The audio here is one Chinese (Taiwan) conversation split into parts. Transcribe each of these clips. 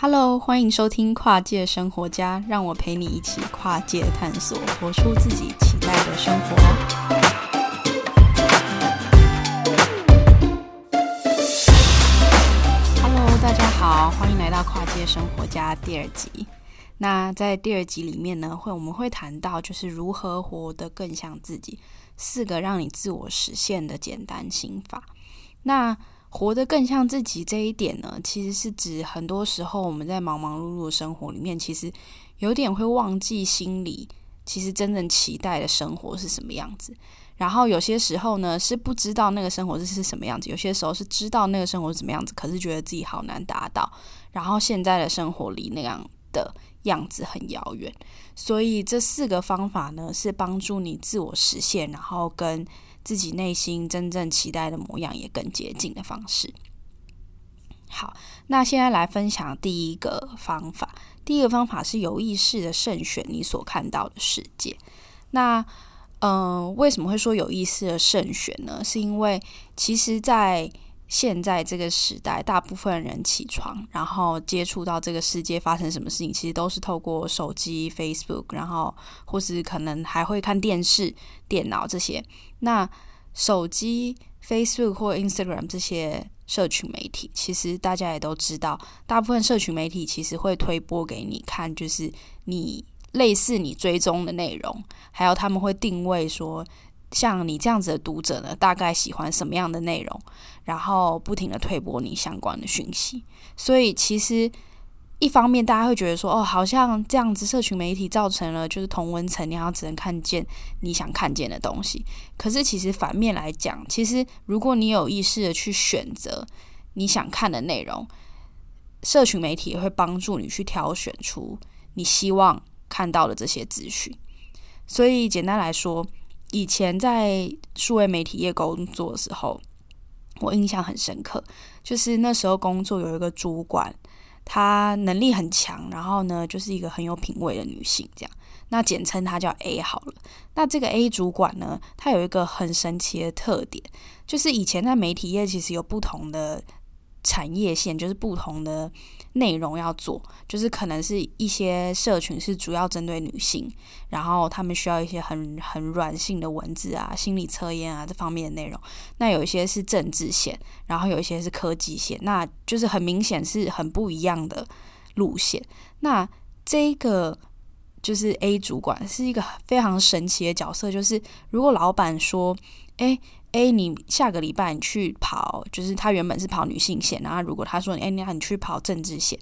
Hello，歡迎收聽《跨界生活家》，讓我陪你一起跨界探索，活出自己期待的生活。Hello，大家好，歡迎來到《跨界生活家》第二集。那在第二集裡面呢，會我們會談到就是如何活得更像自己，四個讓你自我實現的簡單心法。那活得更像自己這一點呢，其實是指很多時候我們在忙忙碌碌的生活裡面，其實有點會忘記心裡其實真正期待的生活是什麼樣子。然後有些時候呢，是不知道那個生活是是什麼樣子；有些時候是知道那個生活是什麼樣子，可是覺得自己好難達到。然後現在的生活離那樣的樣子很遙遠。所以這四個方法呢，是幫助你自我實現，然後跟自己內心真正期待的模樣也更接近的方式。好，那現在來分享第一個方法。第一個方法是有意識的慎選你所看到的世界。那，嗯、呃，為什麼會說有意識的慎選呢？是因為其實，在現在這個時代，大部分人起床然後接觸到這個世界發生什麼事情，其實都是透過手機、Facebook，然後或是可能還會看電視、電腦這些。那手機、Facebook 或 Instagram 這些社群媒體，其實大家也都知道，大部分社群媒體其實會推播給你看，就是你類似你追蹤的內容，還有他們會定位說，像你這樣子的讀者呢，大概喜歡什麼樣的內容，然後不停的推播你相關的訊息，所以其實。一方面，大家會覺得說：“哦，好像這樣子，社群媒體造成了就是同溫層，然後只能看見你想看見的東西。”可是，其實反面來講，其實如果你有意識的去選擇你想看的內容，社群媒體也會幫助你去挑選出你希望看到的這些資訊。所以，簡單來說，以前在數位媒體業工作的時候，我印象很深刻，就是那時候工作有一個主管。她能力很強，然後呢，就是一個很有品味的女性，這樣。那簡稱她叫 A 好了。那這個 A 主管呢，她有一個很神奇的特點，就是以前在媒體業其實有不同的。產業線就是不同的內容要做，就是可能是一些社群是主要針對女性，然後他們需要一些很很軟性的文字啊、心理測驗啊這方面的內容。那有一些是政治線，然後有一些是科技線，那就是很明顯是很不一樣的路線。那這個就是 A 主管是一個非常神奇的角色，就是如果老闆說，哎。誒，你下個禮拜你去跑，就是他原本是跑女性線，然後如果他說，誒，那你去跑政治線，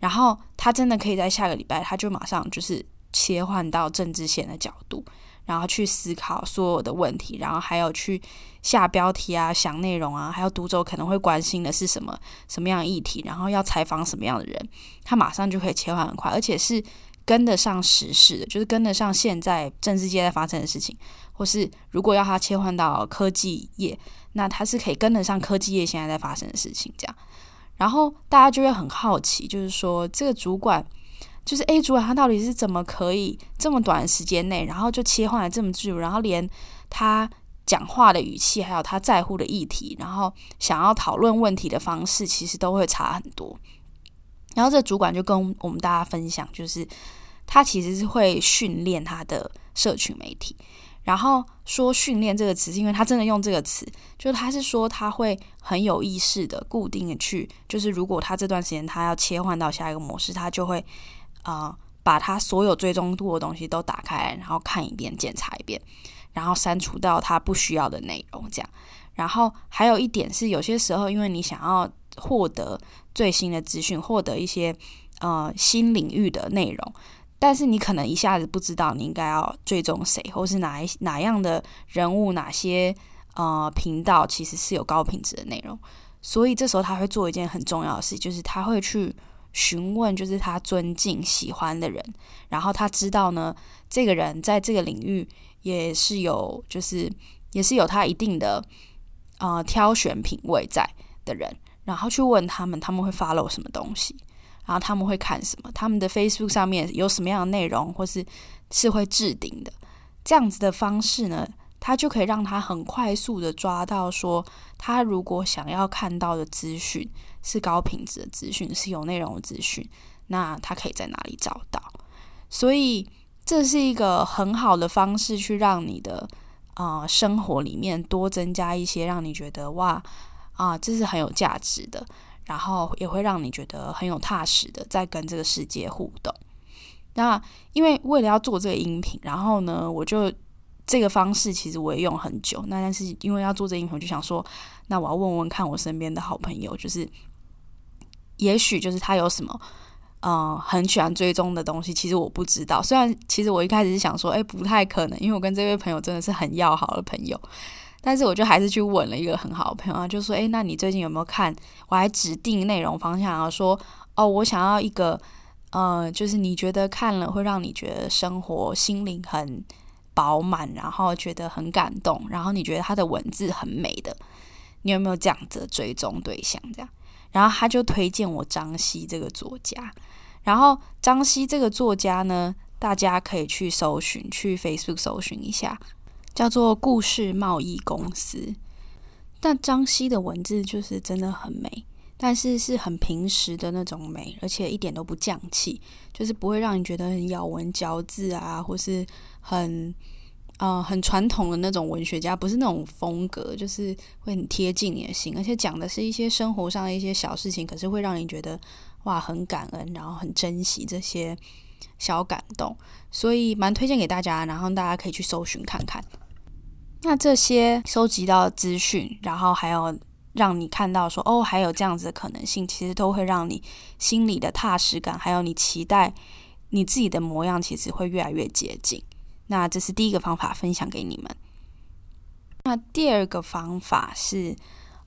然後他真的可以在下個禮拜，他就馬上就是切換到政治線的角度，然後去思考所有的問題，然後還有去下標題啊、想內容啊，還有讀者可能會關心的是什麼、什麼樣的議題，然後要採訪什麼樣的人，他馬上就可以切換很快，而且是。跟得上時事的，就是跟得上現在政治界在發生的事情，或是如果要他切換到科技業，那他是可以跟得上科技業現在在發生的事情這樣。然後大家就會很好奇，就是說這個主管，就是 A 主管，他到底是怎麼可以這麼短時間內，然後就切換了這麼自如，然後連他講話的語氣，還有他在乎的議題，然後想要討論問題的方式，其實都會差很多。然後這主管就跟我們大家分享，就是他其實是會訓練他的社群媒體。然後說“訓練”這個詞，是因為他真的用這個詞，就他是說他會很有意識的、固定的去，就是如果他這段時間他要切換到下一個模式，他就會啊、呃、把他所有追蹤度的東西都打開，然後看一遍、檢查一遍，然後刪除掉他不需要的內容這樣。然後還有一點是，有些時候因為你想要。獲得最新的資訊，獲得一些呃新領域的內容，但是你可能一下子不知道你應該要追蹤誰，或是哪一哪樣的人物，哪些呃頻道其實是有高品質的內容。所以這時候他會做一件很重要的事，就是他會去詢問，就是他尊敬喜歡的人，然後他知道呢，這個人在這個領域也是有，就是也是有他一定的呃挑選品味在的人，然後去問他們，他們會 follow 什麼東西，然後他們會看什麼，他們的 Facebook 上面有什麼樣的內容，或是是會置頂的這樣子的方式呢，他就可以讓他很快速的抓到說，說他如果想要看到的資訊是高品質的資訊，是有內容的資訊，那他可以在哪裡找到？所以這是一個很好的方式，去讓你的啊、呃、生活裡面多增加一些，讓你覺得哇。啊，這是很有價值的，然後也會讓你覺得很有踏實的在跟這個世界互動。那因為為了要做這個音頻，然後呢，我就這個方式其實我也用很久。那但是因為要做這個音頻，我就想說，那我要問問看我身邊的好朋友，就是也許就是他有什麼，嗯、呃，很喜歡追蹤的東西。其實我不知道，雖然其實我一開始是想說，哎，不太可能，因為我跟這位朋友真的是很要好的朋友。但是我就還是去問了一個很好的朋友啊，就說：“哎，那你最近有沒有看？我還指定內容方向啊，說哦，我想要一個，呃，就是你覺得看了會讓你覺得生活心靈很飽滿，然後覺得很感動，然後你覺得他的文字很美的，你有沒有這樣子的追蹤對象這樣？”然後他就推薦我張西這個作家。然後張西這個作家呢，大家可以去搜尋，去 Facebook 搜尋一下。叫做故事貿易公司，但張西的文字就是真的很美，但是是很平實的那種美，而且一點都不匠氣，就是不會讓你覺得很咬文嚼字啊，或是很呃很傳統的那種文學家，不是那種風格，就是會很貼近你的心，而且講的是一些生活上的一些小事情，可是會讓你覺得哇很感恩，然後很珍惜這些小感動，所以蠻推薦給大家，然後大家可以去搜尋看看。那這些收集到資訊，然後還有讓你看到說哦，還有這樣子的可能性，其實都會讓你心裡的踏實感，還有你期待你自己的模樣，其實會越來越接近。那這是第一個方法，分享給你們。那第二個方法是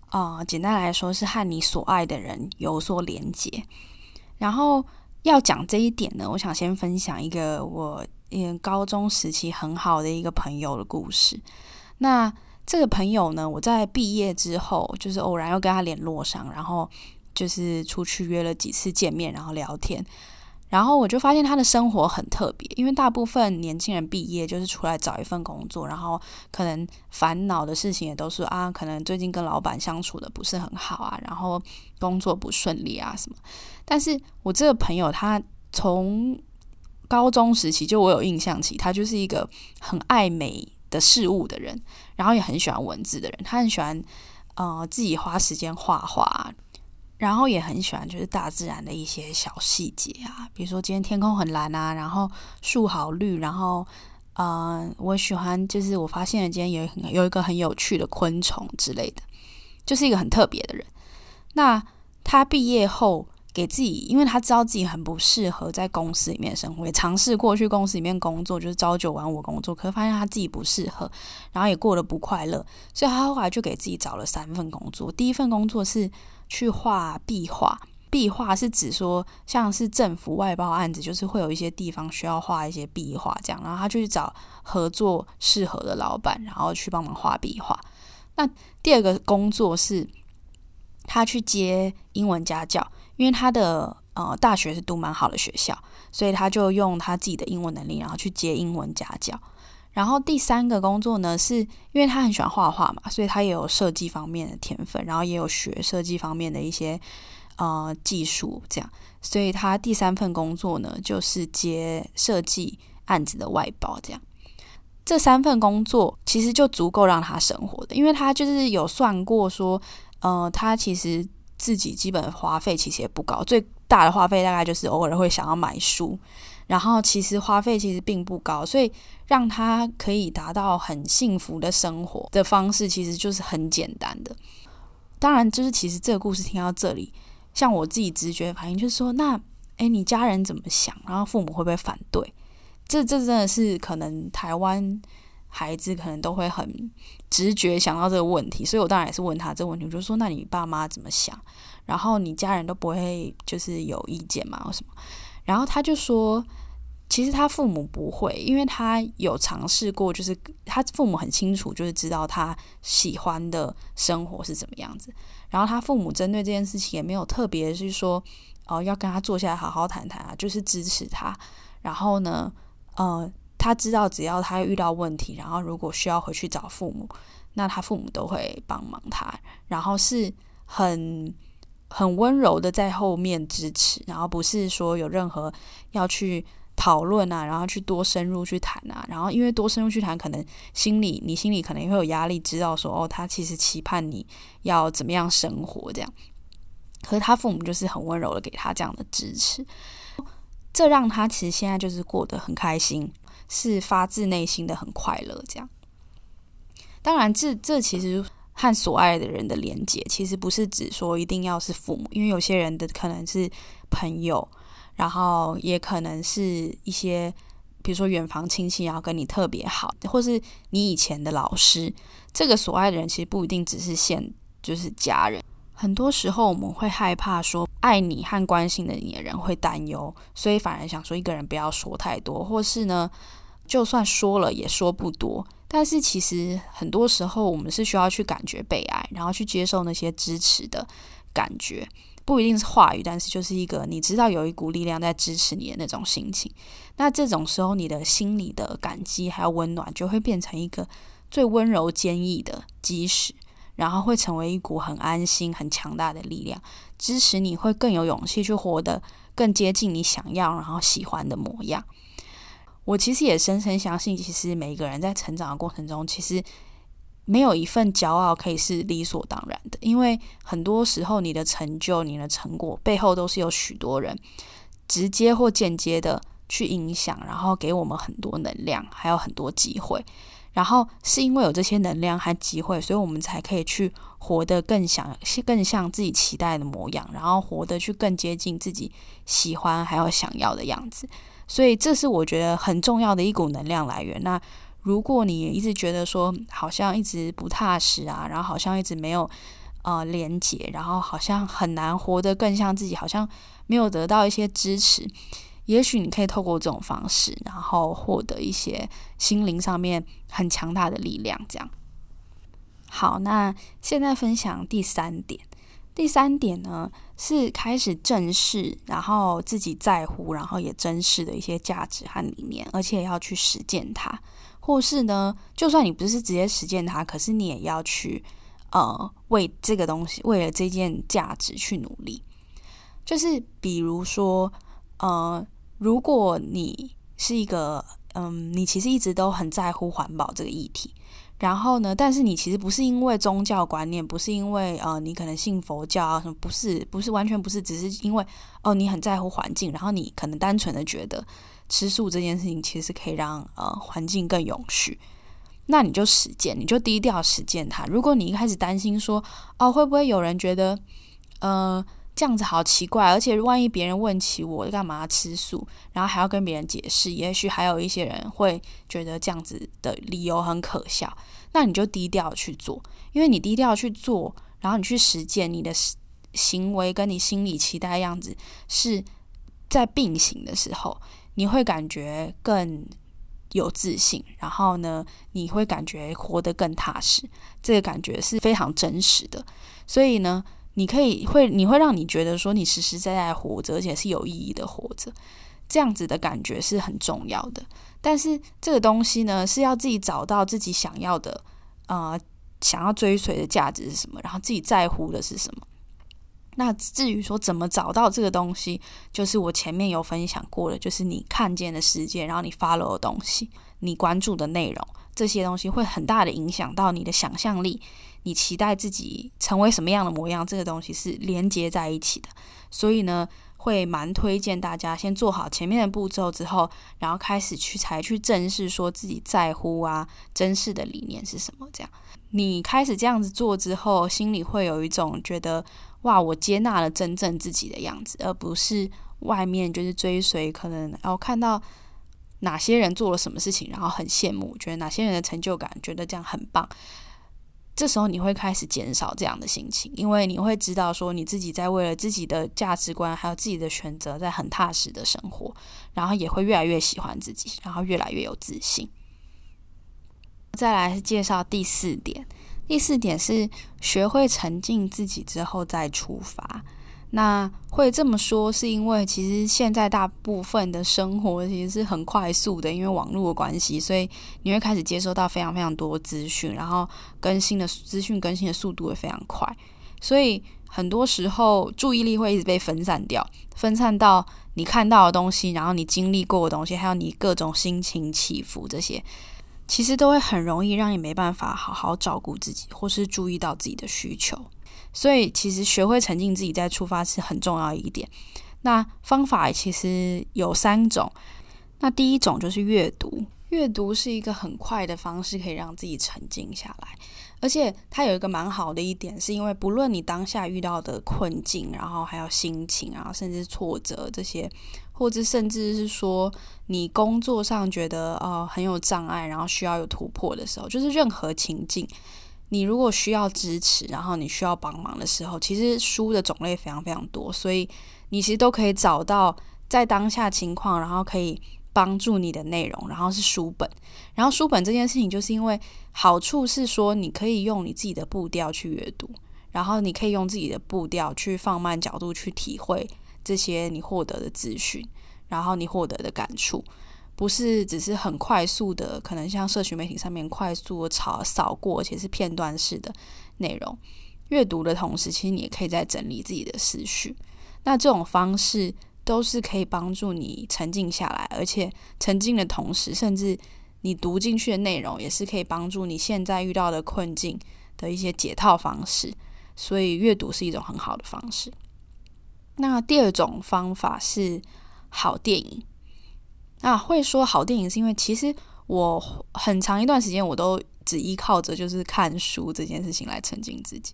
啊、呃，簡單來說是和你所愛的人有所連結。然後要講這一點呢，我想先分享一個我一個高中時期很好的一個朋友的故事。那這個朋友呢，我在畢業之後，就是偶然又跟他聯絡上，然後就是出去約了幾次見面，然後聊天，然後我就發現他的生活很特別，因為大部分年輕人畢業就是出來找一份工作，然後可能煩惱的事情也都是啊，可能最近跟老闆相處的不是很好啊，然後工作不順利啊什麼。但是我這個朋友，他從高中時期就我有印象起，他就是一個很愛美的事物的人，然後也很喜歡文字的人，他很喜歡，呃，自己花時間畫畫，然後也很喜歡就是大自然的一些小細節啊，比如說今天天空很藍啊，然後樹好綠，然後，呃，我喜歡就是我發現今天有有一個很有趣的昆蟲之類的，就是一個很特別的人。那他畢業後。給自己，因為他知道自己很不適合在公司裡面生活，也嘗試過去公司裡面工作，就是朝九晚五工作，可是發現他自己不適合，然後也過得不快樂，所以他後來就給自己找了三份工作。第一份工作是去畫壁畫，壁畫是指說像是政府外包案子，就是會有一些地方需要畫一些壁畫這樣，然後他就去找合作適合的老闆，然後去幫忙畫壁畫。那第二個工作是他去接英文家教。因為他的呃大學是讀蠻好的學校，所以他就用他自己的英文能力，然後去接英文家教。然後第三個工作呢，是因為他很喜歡畫畫嘛，所以他也有設計方面的天分，然後也有學設計方面的一些呃技術，這樣。所以他第三份工作呢，就是接設計案子的外包，這樣。這三份工作其實就足夠讓他生活的，因為他就是有算過說，呃，他其實。自己基本的花費其實也不高，最大的花費大概就是偶爾會想要買書，然後其實花費其實並不高，所以讓他可以達到很幸福的生活的方式，其實就是很簡單的。當然，就是其實這個故事聽到這裡，像我自己直覺的反應就是說，那，欸，你家人怎麼想？然後父母會不會反對？這這真的是可能台灣孩子可能都會很。直覺想到這個問題，所以我當然也是問他這個問題，我就說：那你爸媽怎麼想？然後你家人都不會就是有意見嘛，或什麼？然後他就說：其實他父母不會，因為他有嘗試過，就是他父母很清楚，就是知道他喜歡的生活是怎麼樣子。然後他父母針對這件事情也沒有特別是說哦，要跟他坐下來好好談談啊，就是支持他。然後呢，呃。他知道，只要他遇到問題，然後如果需要回去找父母，那他父母都會幫忙他。然後是很很溫柔的在後面支持，然後不是說有任何要去討論啊，然後去多深入去談啊。然後因為多深入去談，可能心裡你心裡可能也會有壓力，知道說哦，他其實期盼你要怎麼樣生活這樣。可是他父母就是很溫柔的給他這樣的支持，這讓他其實現在就是過得很開心。是發自內心的很快樂，這樣。當然這，這這其實和所愛的人的連結，其實不是只說一定要是父母，因為有些人的可能是朋友，然後也可能是一些，比如說遠房親戚，然後跟你特別好，或是你以前的老師，這個所愛的人，其實不一定只是現就是家人。很多時候我們會害怕說，愛你和關心的你的人會擔憂，所以反而想說一個人不要說太多，或是呢，就算說了也說不多。但是其實很多時候我們是需要去感覺被愛，然後去接受那些支持的感覺，不一定是話語，但是就是一個你知道有一股力量在支持你的那種心情。那這種時候你的心裡的感激還有溫暖就會變成一個最溫柔堅毅的基石。然後會成為一股很安心、很強大的力量，支持你會更有勇氣去活得更接近你想要、然後喜歡的模樣。我其實也深深相信，其實每個人在成長的過程中，其實沒有一份驕傲可以是理所當然的，因為很多時候你的成就、你的成果背後都是有許多人直接或間接的去影響，然後給我們很多能量，還有很多機會。然後是因為有這些能量和機會，所以我們才可以去活得更想、更像自己期待的模樣，然後活得去更接近自己喜歡還有想要的樣子。所以這是我覺得很重要的一股能量來源。那如果你一直覺得說好像一直不踏實啊，然後好像一直沒有呃連接，然後好像很難活得更像自己，好像沒有得到一些支持。也許你可以透過這種方式，然後獲得一些心靈上面很強大的力量。這樣，好，那現在分享第三點。第三點呢，是開始正視，然後自己在乎，然後也珍視的一些價值和理念，而且要去實踐它。或是呢，就算你不是直接實踐它，可是你也要去呃，為這個東西，為了這件價值去努力。就是比如說，呃。如果你是一個，嗯，你其實一直都很在乎環保這個議題，然後呢，但是你其實不是因為宗教觀念，不是因為呃，你可能信佛教啊什麼，不是，不是完全不是，只是因為哦、呃，你很在乎環境，然後你可能單純的覺得吃素這件事情其實可以讓呃環境更永續，那你就實踐，你就低調實踐它。如果你一開始擔心說哦、呃，會不會有人覺得，呃。這樣子好奇怪，而且萬一別人問起我幹嘛吃素，然後還要跟別人解釋，也許還有一些人會覺得這樣子的理由很可笑。那你就低調去做，因為你低調去做，然後你去實踐你的行為跟你心裡期待的樣子是在並行的時候，你會感覺更有自信，然後呢，你會感覺活得更踏實，這個感覺是非常真實的。所以呢。你可以會，你會讓你覺得說你實實在在活着，而且是有意義的活着，這樣子的感覺是很重要的。但是這個東西呢，是要自己找到自己想要的，啊、呃，想要追隨的價值是什麼，然後自己在乎的是什麼。那至於說怎麼找到這個東西，就是我前面有分享過的，就是你看見的世界，然後你 follow 的東西，你關注的內容，這些東西會很大的影響到你的想象力。你期待自己成為什麼樣的模樣？這個東西是連接在一起的，所以呢，會蠻推薦大家先做好前面的步驟之後，然後開始去才去正視說自己在乎啊，珍視的理念是什麼？這樣你開始這樣子做之後，心裡會有一種覺得哇，我接納了真正自己的樣子，而不是外面就是追隨，可能然後、哦、看到哪些人做了什麼事情，然後很羨慕，覺得哪些人的成就感，覺得這樣很棒。這時候你會開始減少這樣的心情，因為你會知道說你自己在為了自己的價值觀還有自己的選擇在很踏實的生活，然後也會越來越喜歡自己，然後越來越有自信。再來介紹第四點，第四點是學會沉靜自己之後再出發。那會這麼說，是因為其實現在大部分的生活其實是很快速的，因為網絡的關係，所以你會開始接收到非常非常多資訊，然後更新的資訊，更新的速度也非常快，所以很多時候注意力會一直被分散掉，分散到你看到的東西，然後你經歷過的東西，還有你各種心情起伏，這些其實都會很容易讓你沒辦法好好照顧自己，或是注意到自己的需求。所以，其實學會沈靜自己再出發是很重要的一點。那方法其實有三種。那第一種就是閱讀，閱讀是一個很快的方式，可以讓自己沈靜下來。而且它有一個蠻好的一點，是因為不論你當下遇到的困境，然後還有心情啊，然後甚至挫折這些，或者甚至是說你工作上覺得哦、呃、很有障礙，然後需要有突破的時候，就是任何情境。你如果需要支持，然後你需要幫忙的時候，其實書的種類非常非常多，所以你其實都可以找到在當下情況，然後可以幫助你的內容，然後是書本。然後書本這件事情，就是因為好處是說，你可以用你自己的步調去閱讀，然後你可以用自己的步調去放慢角度去體會這些你獲得的資訊，然後你獲得的感觸。不是只是很快速的，可能像社群媒體上面快速的掃掃過，而且是片段式的內容。閱讀的同時，其實你也可以在整理自己的思緒。那這種方式都是可以幫助你沉靜下來，而且沉靜的同時，甚至你讀進去的內容也是可以幫助你現在遇到的困境的一些解套方式。所以閱讀是一種很好的方式。那第二種方法是好電影。那、啊、會說好電影是因為其實我很長一段時間，我都只依靠着就是看書這件事情來沉靜自己，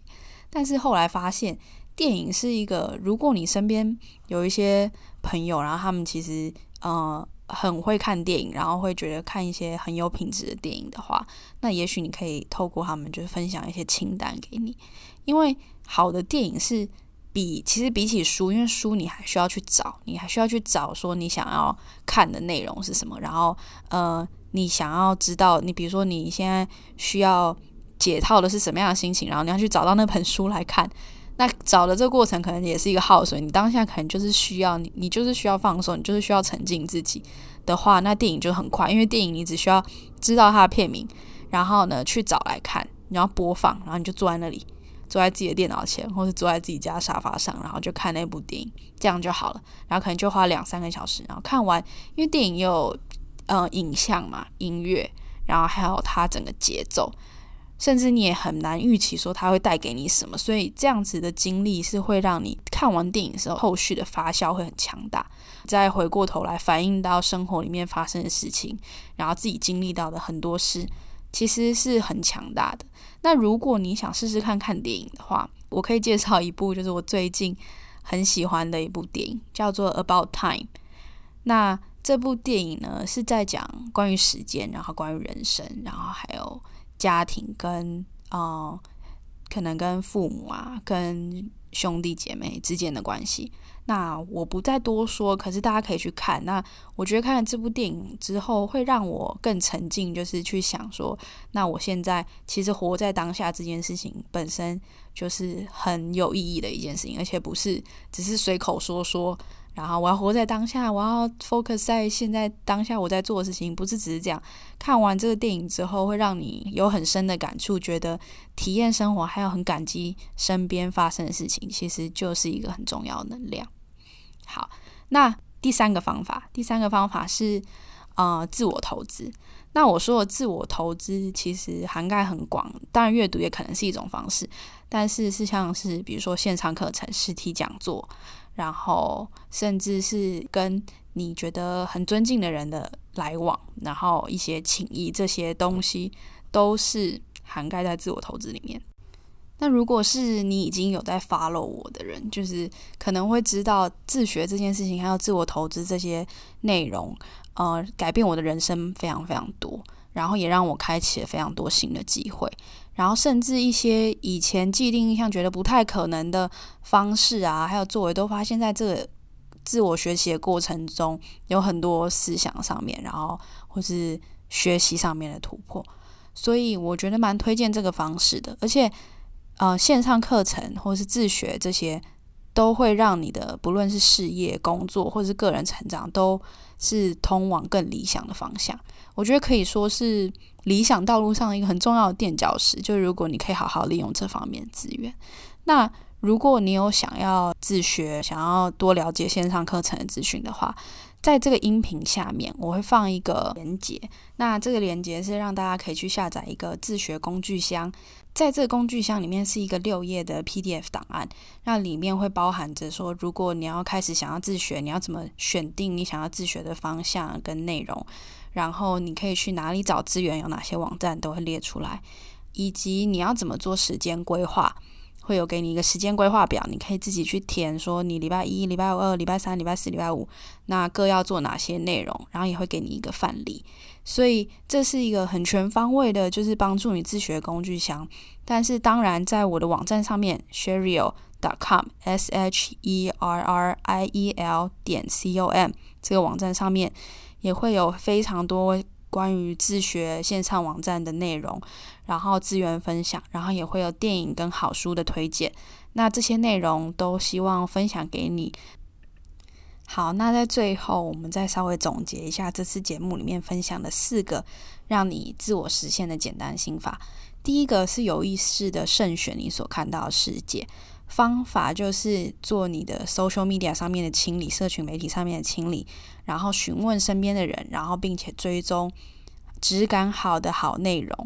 但是後來發現電影是一個，如果你身邊有一些朋友，然後他們其實呃很會看電影，然後會覺得看一些很有品質的電影的話，那也許你可以透過他們就是分享一些清單給你，因為好的電影是。比其實比起書，因為書你還需要去找，你還需要去找說你想要看的內容是什麼，然後呃，你想要知道你比如說你現在需要解套的是什麼樣的心情，然後你要去找到那本書來看，那找的這個過程可能也是一個耗損，你當下可能就是需要你，你就是需要放鬆，你就是需要沉靜自己的話，那電影就很快，因為電影你只需要知道它的片名，然後呢去找來看，你要播放，然後你就坐在那裡。坐在自己的電腦前，或是坐在自己家的沙發上，然後就看那部電影，這樣就好了。然後可能就花兩三個小時，然後看完，因為電影有呃影像、嘛，音樂，然後還有它整個節奏，甚至你也很難預期說它會帶給你什麼。所以這樣子的經歷是會讓你看完電影之後，後續的發酵會很強大。再回過頭來反映到生活裡面發生的事情，然後自己經歷到的很多事，其實是很強大的。那如果你想試試看看電影的話，我可以介紹一部，就是我最近很喜歡的一部電影，叫做《About Time》。那這部電影呢，是在講關於時間，然後關於人生，然後還有家庭跟哦、呃，可能跟父母啊，跟兄弟姐妹之間的關係。那我不再多說，可是大家可以去看。那我覺得看了這部電影之後，會讓我更沉靜，就是去想說，那我現在其實活在當下這件事情本身就是很有意義的一件事情，而且不是只是隨口說說。然後我要活在當下，我要 focus 在現在當下我在做的事情，不是只是這樣。看完這個電影之後，會讓你有很深的感觸，覺得體驗生活，還有很感激身邊發生的事情，其實就是一個很重要的能量。好，那第三個方法，第三個方法是啊、呃，自我投資。那我說的自我投資其實涵蓋很廣，當然閱讀也可能是一種方式，但是是像是比如說線上課程、實體講座。然後，甚至是跟你覺得很尊敬的人的來往，然後一些情誼，這些東西都是涵蓋在自我投資裡面。那如果是你已經有在 follow 我的人，就是可能會知道自學這件事情，還有自我投資這些內容，呃，改變我的人生非常非常多。然後也讓我開啟了非常多新的機會，然後甚至一些以前既定印象覺得不太可能的方式啊，還有作為都發現在這個自我學習的過程中，有很多思想上面，然後或是學習上面的突破，所以我覺得蠻推薦這個方式的。而且，呃，線上課程或是自學這些，都會讓你的不論是事業、工作或是個人成長，都是通往更理想的方向。我覺得可以說是理想道路上一個很重要的墊腳石。就是如果你可以好好利用這方面的資源，那如果你有想要自學、想要多了解線上課程的資訊的話。在這個音頻下面，我會放一個連結。那這個連結是讓大家可以去下載一個自學工具箱。在這個工具箱裡面是一個六頁的 PDF 檔案，那裡面會包含着說，如果你要開始想要自學，你要怎麼選定你想要自學的方向跟內容，然後你可以去哪裡找資源，有哪些網站都會列出來，以及你要怎麼做時間規劃。會有給你一個時間規劃表，你可以自己去填，說你禮拜一、禮拜二、禮拜三、禮拜四、禮拜五，那各要做哪些內容？然後也會給你一個範例，所以這是一個很全方位的，就是幫助你自學工具箱。但是當然，在我的網站上面，sherriel.com s h e r r i e l 點 c o m 這個網站上面也會有非常多。關於自學線上網站的內容，然後資源分享，然後也會有電影跟好書的推薦。那這些內容都希望分享給你。好，那在最後，我們再稍微總結一下這次節目裡面分享的四個讓你自我實現的簡單心法。第一個是有意識的慎選你所看到的世界，方法就是做你的 social media 上面的清理，社群媒體上面的清理。然後詢問身邊的人，然後並且追蹤質感好的好內容。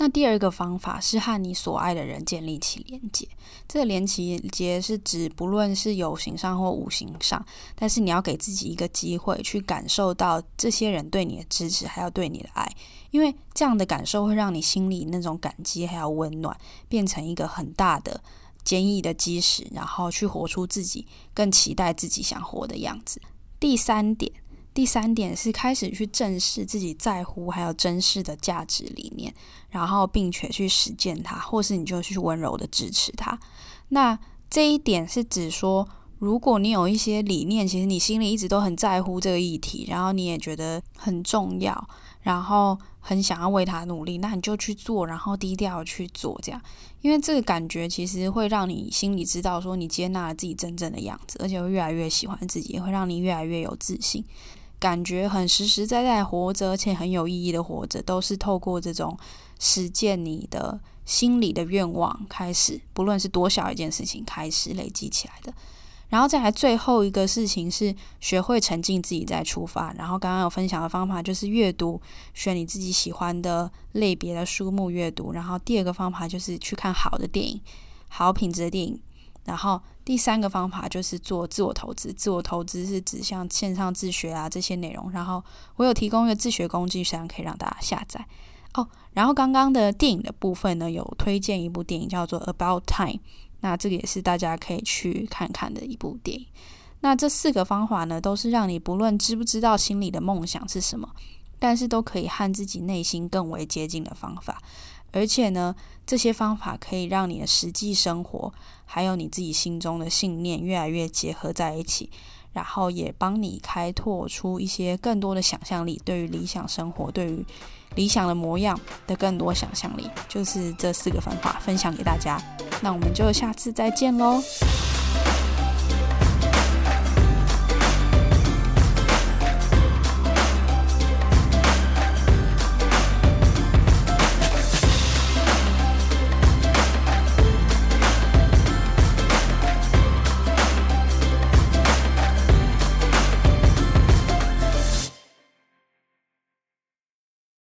那第二個方法是和你所愛的人建立起連接。這個連接是指，不論是有形上或無形上，但是你要給自己一個機會去感受到這些人對你的支持，還有對你的愛，因為這樣的感受會讓你心裡那種感激還有溫暖，變成一個很大的堅毅的基石，然後去活出自己更期待自己想活的樣子。第三點，第三點是開始去正視自己在乎還有珍視的價值理念，然後並且去實踐它，或是你就去溫柔的支持它。那這一點是指說，如果你有一些理念，其實你心裡一直都很在乎這個議題，然後你也覺得很重要。然後很想要為他努力，那你就去做，然後低調去做，這樣，因為這個感覺其實會讓你心裡知道，說你接納了自己真正的樣子，而且會越來越喜歡自己，也會讓你越來越有自信，感覺很實實在在活著，而且很有意義的活着，都是透過這種實踐你的心裡的願望開始，不論是多小一件事情開始累積起來的。然後再來最後一個事情是學會沈靜自己再出發。然後剛剛有分享的方法就是閱讀，選你自己喜歡的類別的書目閱讀。然後第二個方法就是去看好的電影，好品質的電影。然後第三個方法就是做自我投資，自我投資是指向線上自學啊這些內容。然後我有提供一個自學工具，實際上可以讓大家下載哦。然後剛剛的電影的部分呢，有推薦一部電影叫做《About Time》。那這個也是大家可以去看看的一部電影。那這四個方法呢，都是讓你不論知不知道心裡的夢想是什麼，但是都可以和自己內心更為接近的方法。而且呢，這些方法可以讓你的實際生活還有你自己心中的信念越來越結合在一起，然後也幫你開拓出一些更多的想象力，對於理想生活，對於。理想的模樣的更多想象力，就是這四個方法分享給大家。那我們就下次再見嘍。